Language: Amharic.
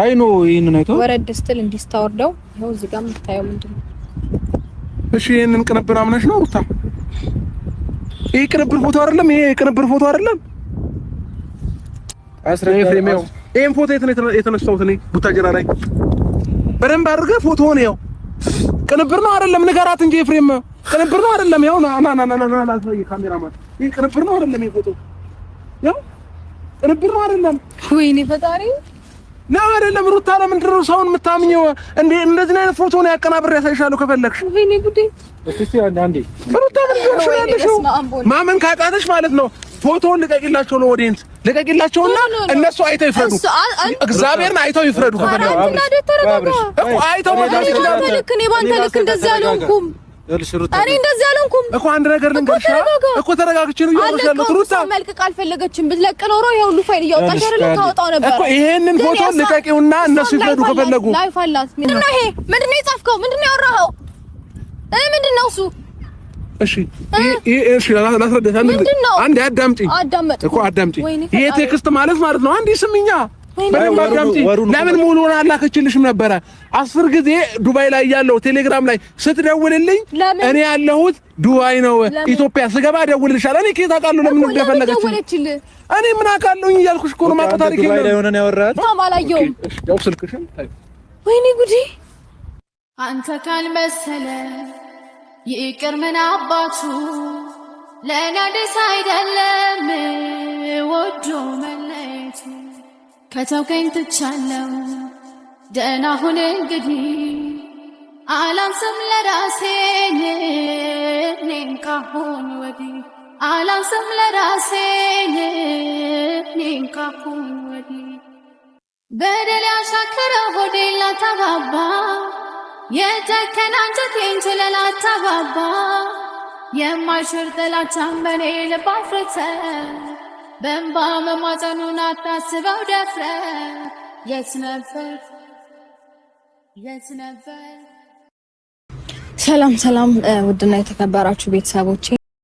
አይ ኖ ይሄንን አይቶ ወረድ ስትል እንዲስታወርደው ይሄው እዚህ ጋር የምታየው ምንድን ነው? እሺ ይሄንን ቅንብር አምነሽ ነው ሩታ? ይሄ ቅንብር ፎቶ አይደለም። ይሄ ቅንብር ፎቶ አይደለም። አስረኝ። ይሄን ፎቶ የት ነው የተነሳሁት? እኔ ቡታጀራ ላይ በደንብ አድርገህ ፎቶውን ይኸው። ቅንብር ነው አይደለም? ንገራት እንጂ ኤፍሬም፣ ቅንብር ነው አይደለም? ይኸው ና ና ና ና ና ና ካሜራማን፣ ይሄ ቅንብር ነው አይደለም? ይሄ ፎቶ ይኸው ቅንብር ነው አይደለም? ወይኔ ፈጣሪ ነው አይደለም? ሩታ ለምንድን ነው ሰውን የምታምኘው? እንዴ እንደዚህ አይነት ፎቶ ነው ያቀናብር ያሳይሻለሁ ከፈለግሽ። ወይኔ ጉዴ! እስቲ አንዴ ሩታ ማመን ካቃተሽ ማለት ነው ፎቶውን ልቀቂላቸው ነው ወዴንት ልቀቂላቸውና እነሱ አይተው ይፍረዱ። እግዚአብሔርን አይተው ይፍረዱ። ከፈለግሽ አይተው ማለት ነው። ልክ እኔ ባንተ ልክ እንደዚህ አልሆንኩም። እኔ እንደዚህ አልሆንኩም እኮ አንድ ነገር ልንገርሽ እኮ ተረጋግቼ ነው እያወራሽ ያለሁት። ሩታ መልቀቅ አልፈለገችም። ብትለቅ ኖሮ ይሄ ሁሉ ፋይል እያወጣሽ አይደለም ታወጣው ነበር እኮ። ይሄንን ፎቶ ልቀቂውና እነሱ ይፈዱ ከፈለጉ። ላይፍ አላት። ምንድን ነው ይሄ? ምንድን ነው የጻፍከው? ምንድን ነው ያወራኸው? እ ምንድን ነው እሱ? እሺ ይሄ እሺ፣ ላስረዳሽ። አንዴ አዳምጪኝ እኮ አዳምጪኝ። ይሄ ቴክስት ማለት ማለት ነው። አንዴ ስሚኛ በደንብ አዳምጪ። ለምን ሙሉውን አላከችልሽም ነበረ? አስር ጊዜ ዱባይ ላይ ያለው ቴሌግራም ላይ ስትደውልልኝ እኔ ያለሁት ዱባይ ነው፣ ኢትዮጵያ ስገባ ደውልልሻል። እኔ ከየት አውቃለሁ? ለምን እንደፈለገች እኔ ምን አውቃለሁኝ? እያልኩሽ እኮ ነው። ማቆ ታሪክ ነው የሆነን ያወራል። አላየሁም። ያው ስልክሽን ወይኔ ጉዴ! አንተ ካልመሰለ ይቅር ምን አባቱ ለእኔ አዲስ አይደለም ወዶ መለ ከተውከኝ ትቻለው ደህና ሁን እንግዲህ አላንስም ለራሴ እኔም ካሁን ወዲህ አላንስም ለራሴ እኔም ካሁን ወዲህ በደል ያሻከረ ሆዴ ላታባባ የተከና አንጀቴን ችለላ ታባባ የማይሽር ጥላቻን በኔ ልብ አፍርተ በእንባ መማፀኑን አታስበው ደፍረ የት ነበር የት ነበር። ሰላም ሰላም፣ ውድና የተከበራችሁ ቤተሰቦቼ